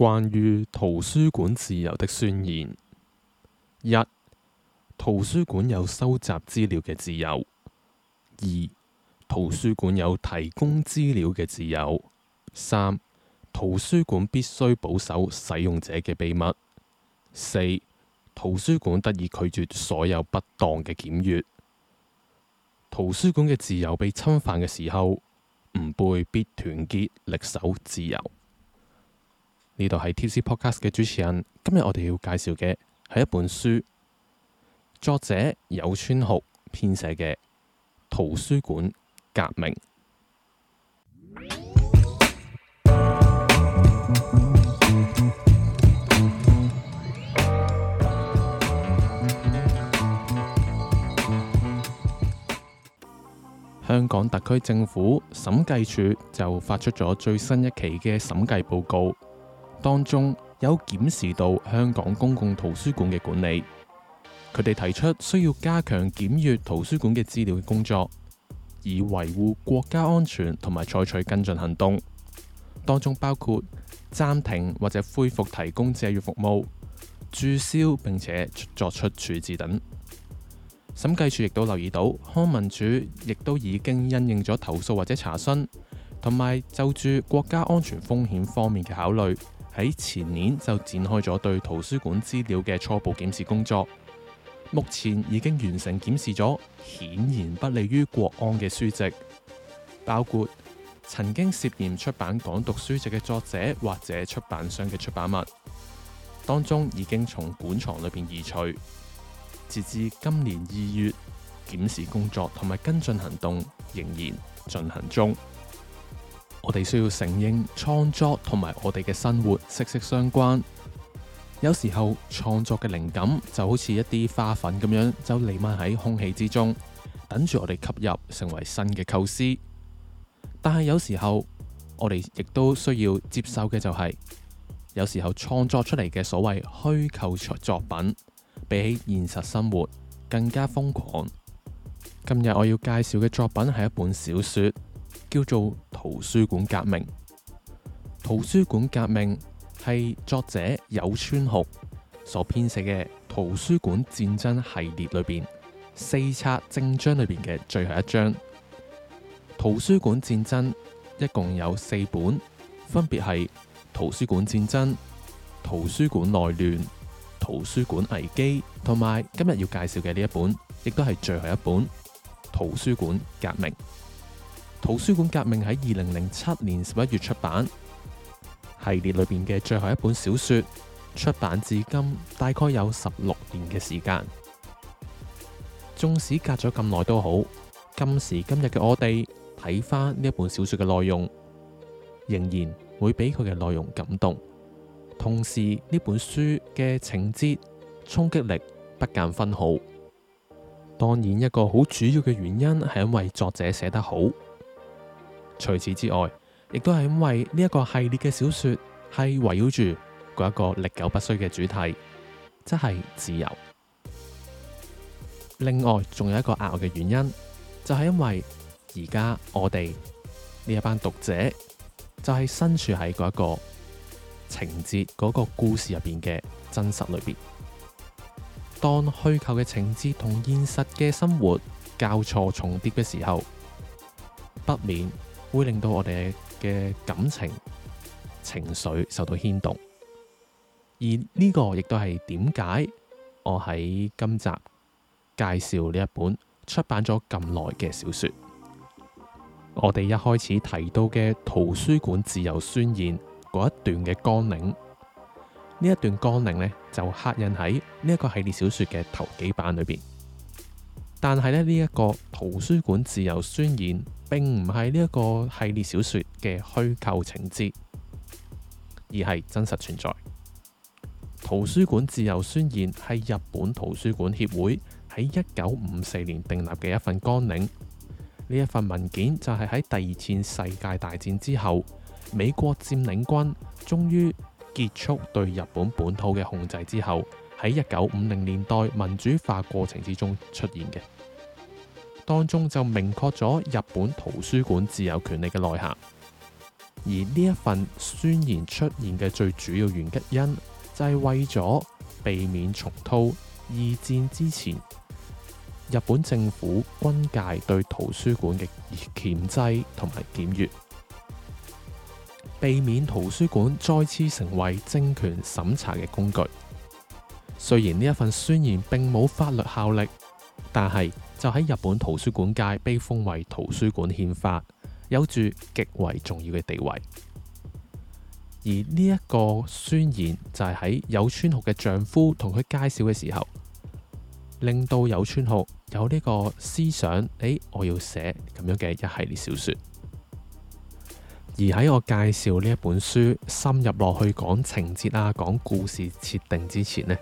關於圖書館自由的宣言：一、圖書館有收集資料嘅自由；二、圖書館有提供資料嘅自由；三、圖書館必須保守使用者嘅秘密；四、圖書館得以拒絕所有不當嘅檢閱。圖書館嘅自由被侵犯嘅時候，吾輩必團結力守自由。呢度係 Tipsy Podcast 嘅主持人，今日我哋要介紹嘅係一本書，作者有川浩編寫嘅《圖書館革命》。香港特區政府審計署就發出咗最新一期嘅審計報告。當中有檢視到香港公共圖書館嘅管理，佢哋提出需要加強檢閱圖書館嘅資料嘅工作，以維護國家安全，同埋採取跟進行動。當中包括暫停或者恢復提供借閱服務、註銷並且作出處置等。審計處亦都留意到，康文署亦都已經因應咗投訴或者查詢，同埋就住國家安全風險方面嘅考慮。喺前年就展開咗對圖書館資料嘅初步檢視工作，目前已經完成檢視咗顯然不利於國安嘅書籍，包括曾經涉嫌出版港獨書籍嘅作者或者出版商嘅出版物，當中已經從館藏裏邊移除。截至今年二月，檢視工作同埋跟進行動仍然進行中。我哋需要承認創作同埋我哋嘅生活息息相關。有時候創作嘅靈感就好似一啲花粉咁樣，就彌漫喺空氣之中，等住我哋吸入，成為新嘅構思。但係有時候我哋亦都需要接受嘅就係，有時候創作出嚟嘅所謂虛構作品，比起現實生活更加瘋狂。今日我要介紹嘅作品係一本小說。叫做圖書館革命。圖書館革命係作者有川浩所編寫嘅《圖書館戰爭》系列裏邊四冊正章裏邊嘅最後一章。圖書館戰爭一共有四本，分別係《圖書館戰爭》、《圖書館內亂》、《圖書館危機》同埋今日要介紹嘅呢一本，亦都係最後一本《圖書館革命》。圖書館革命喺二零零七年十一月出版，系列裏邊嘅最後一本小說出版至今大概有十六年嘅時間。縱使隔咗咁耐都好，今時今日嘅我哋睇翻呢本小說嘅內容，仍然會俾佢嘅內容感動。同時呢本書嘅情節衝擊力不減分毫。當然一個好主要嘅原因係因為作者寫得好。除此之外，亦都係因為呢一個系列嘅小說係圍繞住嗰一個歷久不衰嘅主題，即係自由。另外，仲有一個額外嘅原因，就係因為而家我哋呢一班讀者就係身處喺嗰一個情節嗰個故事入邊嘅真實裏邊。當虛構嘅情節同現實嘅生活交錯重疊嘅時候，不免，會令到我哋嘅感情、情緒受到牽動，而呢個亦都係點解我喺今集介紹呢一本出版咗咁耐嘅小說。我哋一開始提到嘅圖書館自由宣言嗰一段嘅綱領，呢一段綱領呢就刻印喺呢一個系列小說嘅頭幾版裏邊，但係咧呢一個圖書館自由宣言。並唔係呢一個系列小說嘅虛構情節，而係真實存在。圖書館自由宣言係日本圖書館協會喺一九五四年訂立嘅一份綱領。呢一份文件就係喺第二次世界大戰之後，美國佔領軍終於結束對日本本土嘅控制之後，喺一九五零年代民主化過程之中出現嘅。當中就明確咗日本圖書館自由權利嘅內涵，而呢一份宣言出現嘅最主要原因就係為咗避免重蹈二戰之前日本政府軍界對圖書館嘅鉗制同埋檢閱，避免圖書館再次成為政權審查嘅工具。雖然呢一份宣言並冇法律效力，但係，就喺日本圖書館界被封為圖書館憲法，有住極為重要嘅地位。而呢一個宣言就係喺有川浩嘅丈夫同佢介紹嘅時候，令到有川浩有呢個思想，誒、哎，我要寫咁樣嘅一系列小說。而喺我介紹呢一本書深入落去講情節啊，講故事設定之前呢，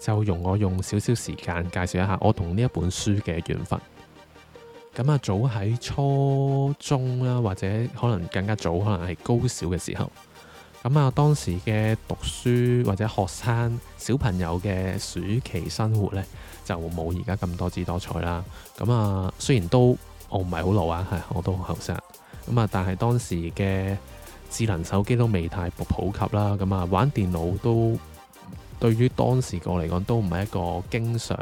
就容我用少少時間介紹一下我同呢一本書嘅緣分。咁啊，早喺初中啦，或者可能更加早，可能係高小嘅時候。咁啊，當時嘅讀書或者學生小朋友嘅暑期生活呢，就冇而家咁多姿多彩啦。咁啊，雖然都我唔係好老啊，係我都好後生。咁啊，但係當時嘅智能手機都未太普及啦。咁啊，玩電腦都，對於當時我嚟講，都唔係一個經常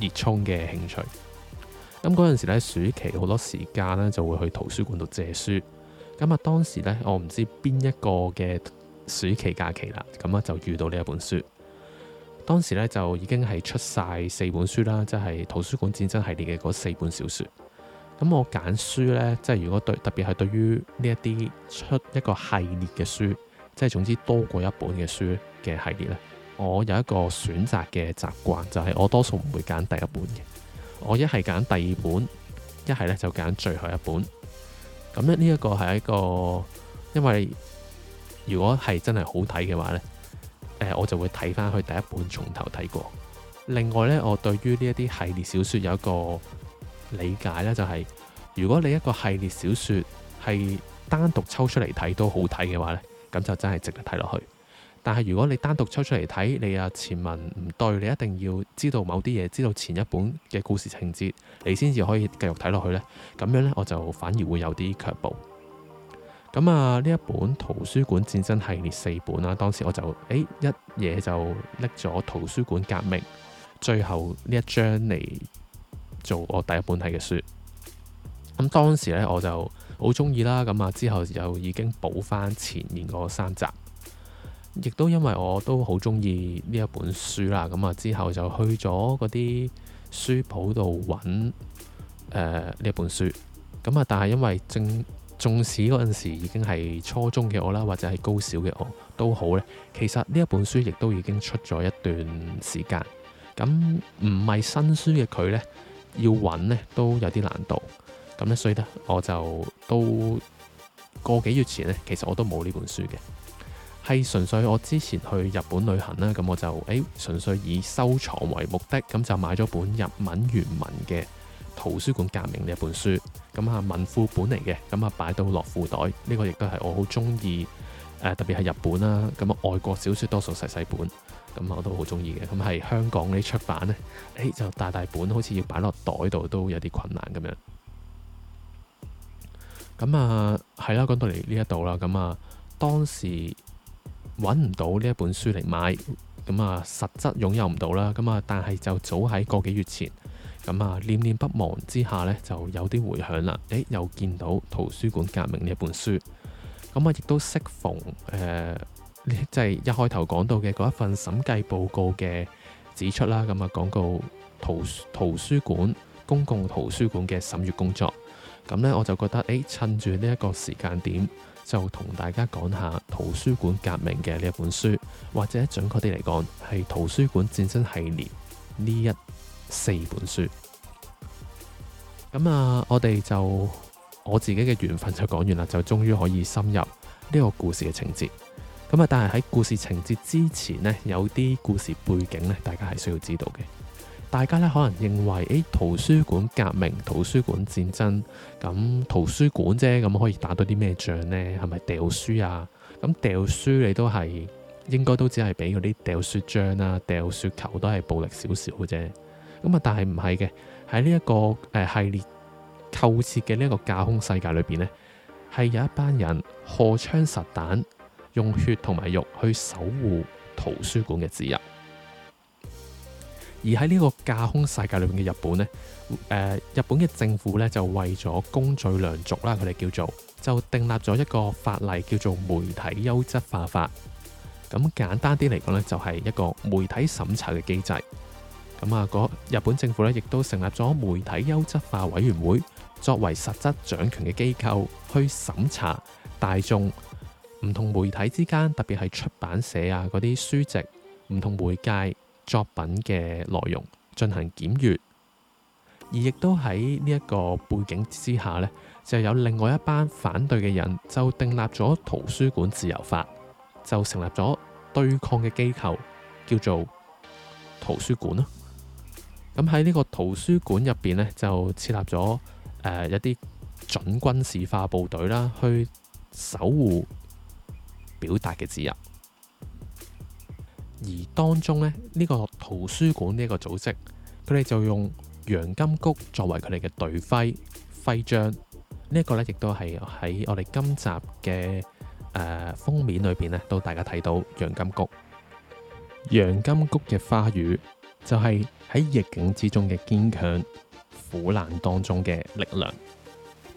熱衷嘅興趣。咁嗰陣時咧，暑期好多時間咧，就會去圖書館度借書。咁啊，當時咧，我唔知邊一個嘅暑期假期啦。咁啊，就遇到呢一本書。當時咧就已經係出晒四本書啦，即係《圖書館戰爭》系列嘅嗰四本小説。咁我揀書咧，即係如果對特別係對於呢一啲出一個系列嘅書。即係總之多過一本嘅書嘅系列呢。我有一個選擇嘅習慣，就係、是、我多數唔會揀第一本嘅。我一係揀第二本，一係呢就揀最後一本。咁咧呢一個係一個，因為如果係真係好睇嘅話呢，誒我就會睇翻去第一本從頭睇過。另外呢，我對於呢一啲系列小説有一個理解呢、就是，就係如果你一個系列小説係單獨抽出嚟睇都好睇嘅話呢。咁就真係值得睇落去。但係如果你單獨抽出嚟睇，你啊前文唔對，你一定要知道某啲嘢，知道前一本嘅故事情節，你先至可以繼續睇落去呢。咁樣呢，我就反而會有啲卻步。咁啊，呢一本圖書館戰爭系列四本啦，當時我就誒一嘢就拎咗圖書館革命最後呢一章嚟做我第一本睇嘅書。咁當時呢，我就。好中意啦，咁啊之後就已經補翻前面嗰三集，亦都因為我都好中意呢一本書啦，咁啊之後就去咗嗰啲書舖度揾呢一本書，咁啊但係因為正中史嗰陣時候已經係初中嘅我啦，或者係高小嘅我都好，呢其實呢一本書亦都已經出咗一段時間，咁唔係新書嘅佢呢，要揾呢都有啲難度。咁咧，所以咧，我就都個幾月前咧，其實我都冇呢本書嘅，係純粹我之前去日本旅行啦，咁我就誒、欸、純粹以收藏為目的，咁就買咗本日文原文嘅《圖書館革命》呢一本書，咁啊文庫本嚟嘅，咁啊擺到落褲袋，呢、這個亦都係我好中意，誒、呃、特別係日本啦、啊，咁啊外國小說多數細細本，咁我都好中意嘅，咁係香港呢出版呢，誒、欸、就大大本，好似要擺落袋度都有啲困難咁樣。咁啊，係啦、啊，講到嚟呢一度啦，咁啊，當時揾唔到呢一本書嚟買，咁啊，實質擁有唔到啦，咁啊，但係就早喺個幾月前，咁啊，念念不忘之下呢，就有啲回響啦，誒，又見到圖書館革命呢一本書，咁啊，亦都適逢誒，即、呃、係、就是、一開頭講到嘅嗰一份審計報告嘅指出啦，咁啊，講到圖圖書館、公共圖書館嘅審閱工作。咁呢，我就覺得，誒、欸，趁住呢一個時間點，就同大家講下《圖書館革命》嘅呢一本書，或者準確啲嚟講，係《圖書館戰爭系列》呢一四本書。咁啊，我哋就我自己嘅緣分就講完啦，就終於可以深入呢個故事嘅情節。咁啊，但係喺故事情節之前呢，有啲故事背景呢，大家係需要知道嘅。大家咧可能認為，誒、欸、圖書館革命、圖書館戰爭，咁圖書館啫，咁可以打到啲咩仗呢？係咪掉書啊？咁掉書你都係應該都只係俾嗰啲掉雪仗啦、啊，掉雪球都係暴力少少嘅啫。咁啊，但係唔係嘅，喺呢一個誒、呃、系列構設嘅呢一個架空世界裏邊呢，係有一班人荷槍實彈，用血同埋肉去守護圖書館嘅自由。而喺呢個架空世界裏面嘅日本呢，誒、呃、日本嘅政府呢，就為咗公序良俗啦，佢哋叫做就定立咗一個法例叫做《媒體優質化法》。咁簡單啲嚟講呢，就係一個媒體審查嘅機制。咁啊，日本政府呢，亦都成立咗媒體優質化委員會，作為實質掌權嘅機構去審查大眾唔同媒體之間，特別係出版社啊嗰啲書籍，唔同媒介。作品嘅內容進行檢閱，而亦都喺呢一個背景之下呢，就有另外一班反對嘅人就訂立咗圖書館自由法，就成立咗對抗嘅機構，叫做圖書館咯。咁喺呢個圖書館入邊呢，就設立咗誒、呃、一啲準軍事化部隊啦，去守護表達嘅自由。而當中呢，呢、呢個圖書館呢一個組織，佢哋就用洋甘菊作為佢哋嘅隊徽徽章。呢個、呢一個咧，亦都係喺我哋今集嘅、呃、封面裏邊呢，都大家睇到洋甘菊。洋甘菊嘅花語就係、是、喺逆境之中嘅堅強、苦難當中嘅力量，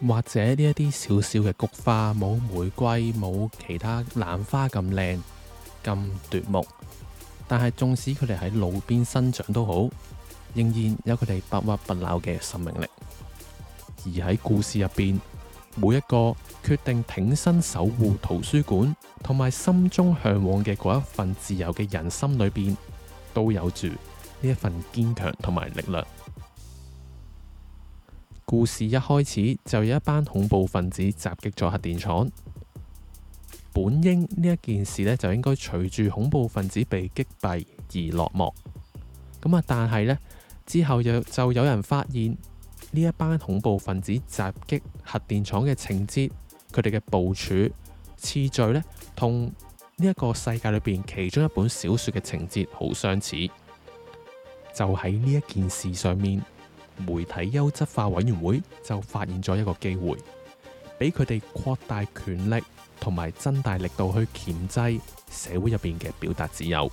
或者呢一啲小小嘅菊花，冇玫瑰冇其他蘭花咁靚咁奪目。但係，縱使佢哋喺路邊生長都好，仍然有佢哋不屈不撓嘅生命力。而喺故事入邊，每一個決定挺身守護圖書館同埋心中向往嘅嗰一份自由嘅人，心裏邊都有住呢一份堅強同埋力量。故事一開始就有一班恐怖分子襲擊咗核電廠。本應呢一件事呢，就應該隨住恐怖分子被擊斃而落幕。咁啊，但係呢，之後又就有人發現呢一班恐怖分子襲擊核電廠嘅情節，佢哋嘅部署次序呢，同呢一個世界裏邊其中一本小說嘅情節好相似。就喺呢一件事上面，媒體優質化委員會就發現咗一個機會。俾佢哋擴大權力同埋增大力度，去鉗制社會入邊嘅表達自由，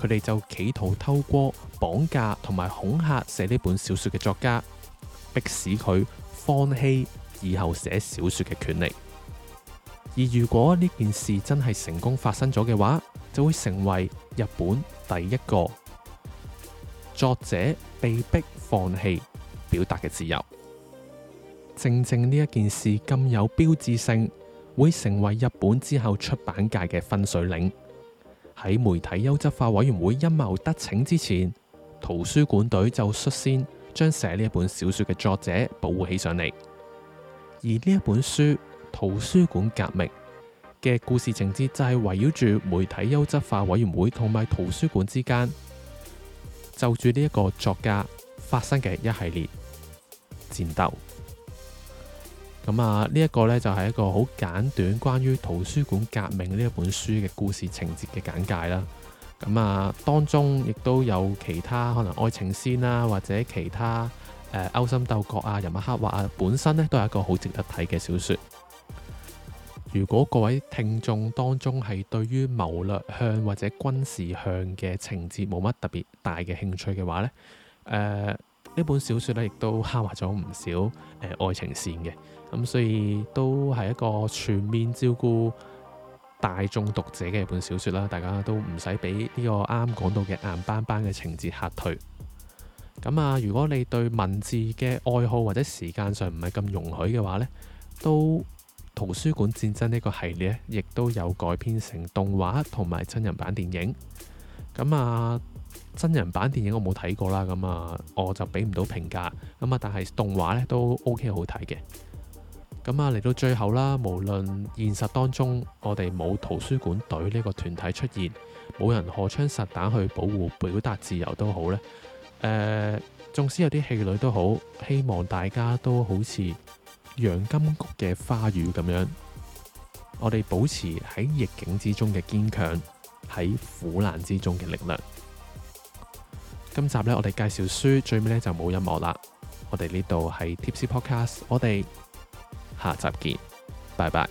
佢哋就企圖透過綁架同埋恐嚇寫呢本小説嘅作家，迫使佢放棄以後寫小説嘅權利。而如果呢件事真係成功發生咗嘅話，就會成為日本第一個作者被逼放棄表達嘅自由。正正呢一件事咁有標誌性，會成為日本之後出版界嘅分水嶺。喺媒體優質化委員會陰謀得逞之前，圖書館隊就率先將寫呢一本小說嘅作者保護起上嚟。而呢一本書《圖書館革命》嘅故事情節就係圍繞住媒體優質化委員會同埋圖書館之間，就住呢一個作家發生嘅一系列戰鬥。咁啊，呢、這個、一個呢，就係一個好簡短關於圖書館革命呢一本書嘅故事情節嘅簡介啦。咁啊，當中亦都有其他可能愛情線啊，或者其他、呃、勾心鬥角啊、人物刻畫啊，本身呢，都係一個好值得睇嘅小說。如果各位聽眾當中係對於謀略向或者軍事向嘅情節冇乜特別大嘅興趣嘅話呢，誒、呃。呢本小説呢，亦都刻劃咗唔少誒，愛情線嘅，咁所以都係一個全面照顧大眾讀者嘅一本小説啦。大家都唔使俾呢個啱啱講到嘅硬邦邦嘅情節嚇退。咁啊，如果你對文字嘅愛好或者時間上唔係咁容許嘅話呢，都圖書館戰爭呢個系列亦都有改編成動畫同埋真人版電影。咁啊～真人版電影我冇睇過啦，咁啊我就俾唔到評價咁啊。但係動畫咧都 O、OK、K 好睇嘅。咁啊嚟到最後啦，無論現實當中我哋冇圖書館隊呢個團體出現，冇人荷槍實彈去保護表達自由都好咧。誒、呃，縱使有啲氣餒都好，希望大家都好似洋甘菊嘅花語咁樣，我哋保持喺逆境之中嘅堅強，喺苦難之中嘅力量。今集呢，我哋介紹書，最尾呢就冇音樂啦。我哋呢度係 Tipsy Podcast，我哋下集見，拜拜。